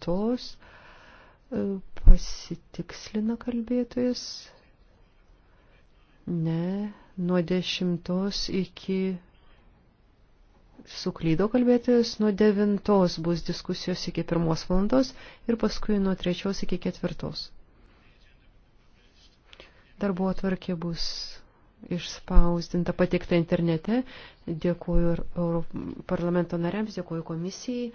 datos e, pasitikslina kalbėtojas. Ne, nuo dešimtos iki suklydo kalbėtojas, nuo devintos bus diskusijos iki pirmos valandos ir paskui nuo trečios iki ketvirtos. Darbo atvarkė bus išspausdinta, patikta internete. Dėkuoju ir Euro parlamento nariams, dėkuoju komisijai.